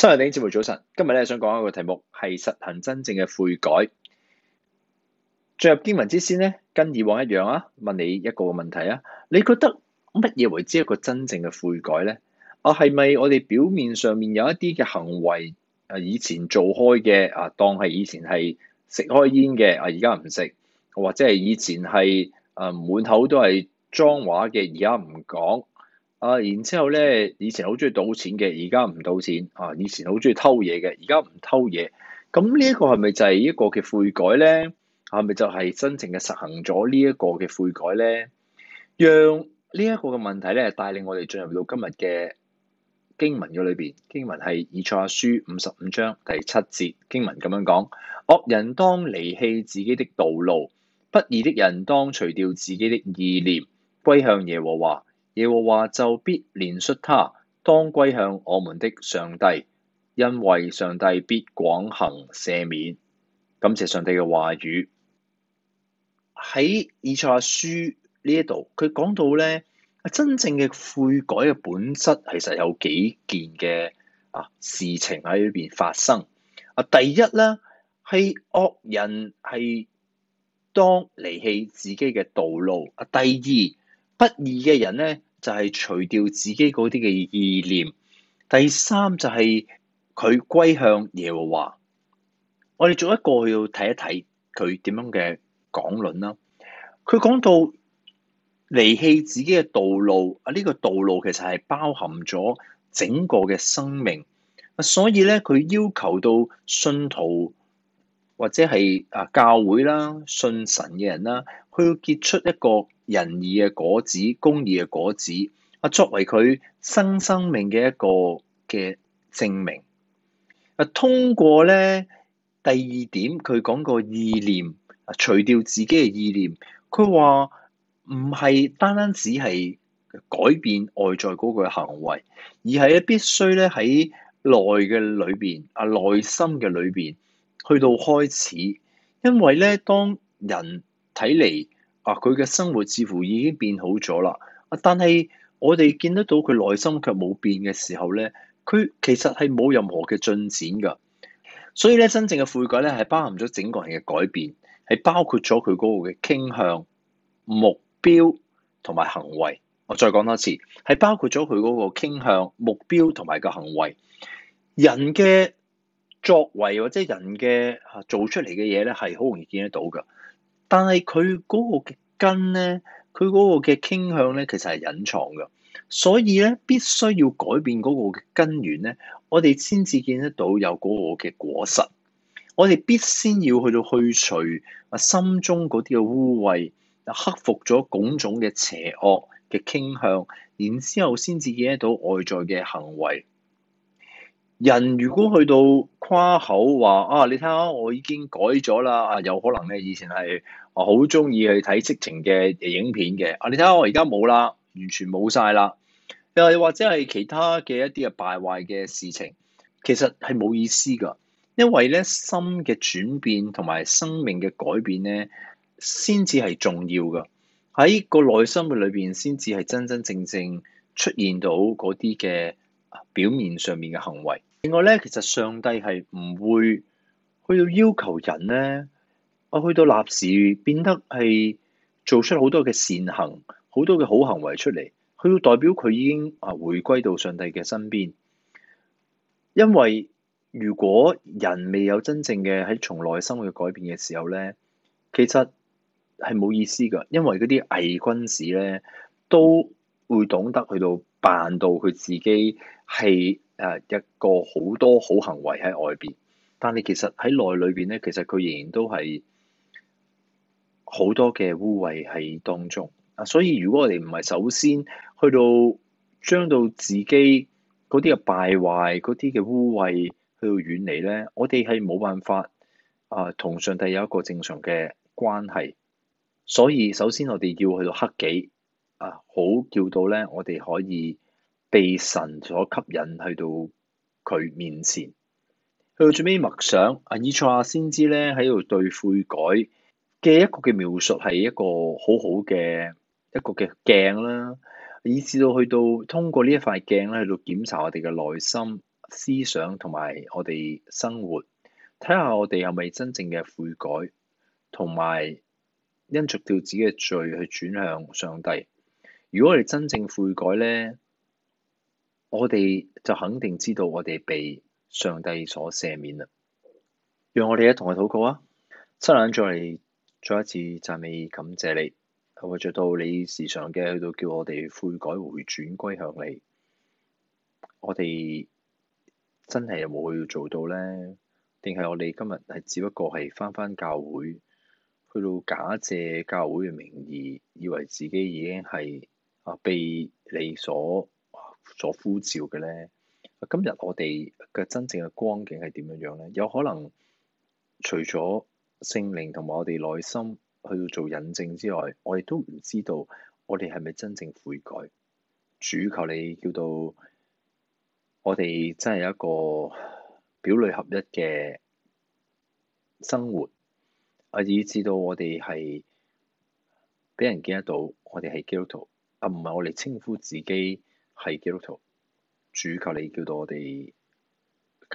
新日頂節目早晨，今日咧想講一個題目，係實行真正嘅悔改。進入經文之先咧，跟以往一樣啊，問你一個問題啊，你覺得乜嘢為之一個真正嘅悔改咧？啊，係咪我哋表面上面有一啲嘅行為啊？以前做開嘅啊，當係以前係食開煙嘅啊，而家唔食，或者係以前係啊滿口都係髒話嘅而家唔講。啊，然之後咧，以前好中意賭錢嘅，而家唔賭錢；啊，以前好中意偷嘢嘅，而家唔偷嘢。咁呢一個係咪就係一個嘅悔改咧？係咪就係真正嘅實行咗呢一個嘅悔改咧？讓呢一個嘅問題咧，帶領我哋進入到今日嘅經文嘅裏邊。經文係以賽亞書五十五章第七節，經文咁樣講：惡人當離棄自己的道路，不義的人當除掉自己的意念，歸向耶和華。耶和華就必憐恤他，當歸向我們的上帝，因為上帝必廣行赦免。感謝上帝嘅話語。喺以賽亞書呢一度，佢講到咧，真正嘅悔改嘅本質，其實有幾件嘅啊事情喺裏邊發生。啊，第一咧係惡人係當離棄自己嘅道路。啊，第二不義嘅人咧。就係除掉自己嗰啲嘅意念，第三就係佢歸向耶和華。我哋做一個去要睇一睇佢點樣嘅講論啦。佢講到離棄自己嘅道路啊，呢個道路其實係包含咗整個嘅生命。所以咧，佢要求到信徒或者係啊教會啦、信神嘅人啦，去結出一個仁義嘅果子，公義嘅果子，啊，作為佢新生，生命嘅一個嘅證明。啊，通過咧第二點，佢講個意念，啊，除掉自己嘅意念，佢話唔係單單只係改變外在嗰個行為，而係咧必須咧喺內嘅裏邊，啊，內心嘅裏邊去到開始，因為咧當人睇嚟。啊！佢嘅生活似乎已經變好咗啦，啊！但係我哋見得到佢內心卻冇變嘅時候咧，佢其實係冇任何嘅進展噶。所以咧，真正嘅悔改咧係包含咗整個人嘅改變，係包括咗佢嗰個嘅傾向、目標同埋行為。我再講多次，係包括咗佢嗰個傾向、目標同埋個行為。人嘅作為或者人嘅啊做出嚟嘅嘢咧，係好容易見得到噶。但係佢嗰個嘅根咧，佢嗰個嘅傾向咧，其實係隱藏㗎，所以咧必須要改變嗰個根源咧，我哋先至見得到有嗰個嘅果實。我哋必先要去到去除啊心中嗰啲嘅污穢，啊克服咗種種嘅邪惡嘅傾向，然之後先至見得到外在嘅行為。人如果去到誇口話啊，你睇下我已經改咗啦，啊有可能咧以前係我好鍾意去睇色情嘅影片嘅，啊你睇下我而家冇啦，完全冇晒啦，又或者係其他嘅一啲嘅敗壞嘅事情，其實係冇意思㗎，因為咧心嘅轉變同埋生命嘅改變咧，先至係重要㗎，喺個內心嘅裏邊先至係真真正正出現到嗰啲嘅表面上面嘅行為。另外咧，其實上帝係唔會去到要求人咧，啊去到立時變得係做出好多嘅善行、好多嘅好行為出嚟，去到代表佢已經啊回歸到上帝嘅身邊。因為如果人未有真正嘅喺從內生活嘅改變嘅時候咧，其實係冇意思噶。因為嗰啲偽君子咧都會懂得去到扮到佢自己係。誒一個好多好行為喺外邊，但係其實喺內裏邊咧，其實佢仍然都係好多嘅污穢喺當中。啊，所以如果我哋唔係首先去到將到自己嗰啲嘅敗壞、嗰啲嘅污穢去到遠離咧，我哋係冇辦法啊，同上帝有一個正常嘅關係。所以首先我哋要去到克己啊，好叫到咧，我哋可以。被神所吸引去到佢面前，去到最尾默想阿以賽亞先知咧喺度對悔改嘅一個嘅描述係一個好好嘅一個嘅鏡啦。以至到去到通過一呢一塊鏡咧，去到檢查我哋嘅內心思想同埋我哋生活，睇下我哋有咪真正嘅悔改，同埋因著到自己嘅罪去轉向上帝。如果我哋真正悔改咧～我哋就肯定知道我哋被上帝所赦免啦。讓我哋一同去禱告啊！親眼再嚟，再一次讚美感謝你，係為著到你時常嘅去到叫我哋悔改回轉歸向你。我哋真係有冇去做到咧？定係我哋今日係只不過係翻翻教會去到假借教會嘅名義，以為自己已經係啊被你所。所呼召嘅咧，今日我哋嘅真正嘅光景係點樣樣咧？有可能除咗聖靈同埋我哋內心去到做引證之外，我哋都唔知道我哋係咪真正悔改。主求你叫到我哋真係有一個表裏合一嘅生活，啊，以致到我哋係俾人見得到，我哋係基督徒啊，唔係我哋稱呼自己。係基督徒，主求你叫到我哋繼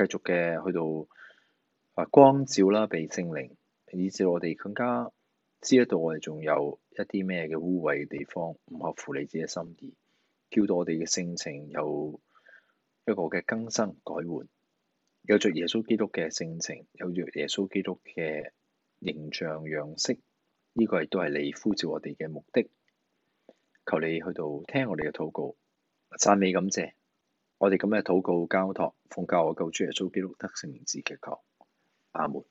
續嘅去到啊光照啦，被聖靈，以至我哋更加知得到我哋仲有一啲咩嘅污穢嘅地方，唔合乎你自己嘅心意，叫到我哋嘅性情有一個嘅更新改換，有着耶穌基督嘅性情，有着耶穌基督嘅形象樣式，呢個亦都係你呼召我哋嘅目的。求你去到聽我哋嘅禱告。讚美感謝，我哋今日禱告交託，奉教我救主耶穌基督得勝名字祈求，阿門。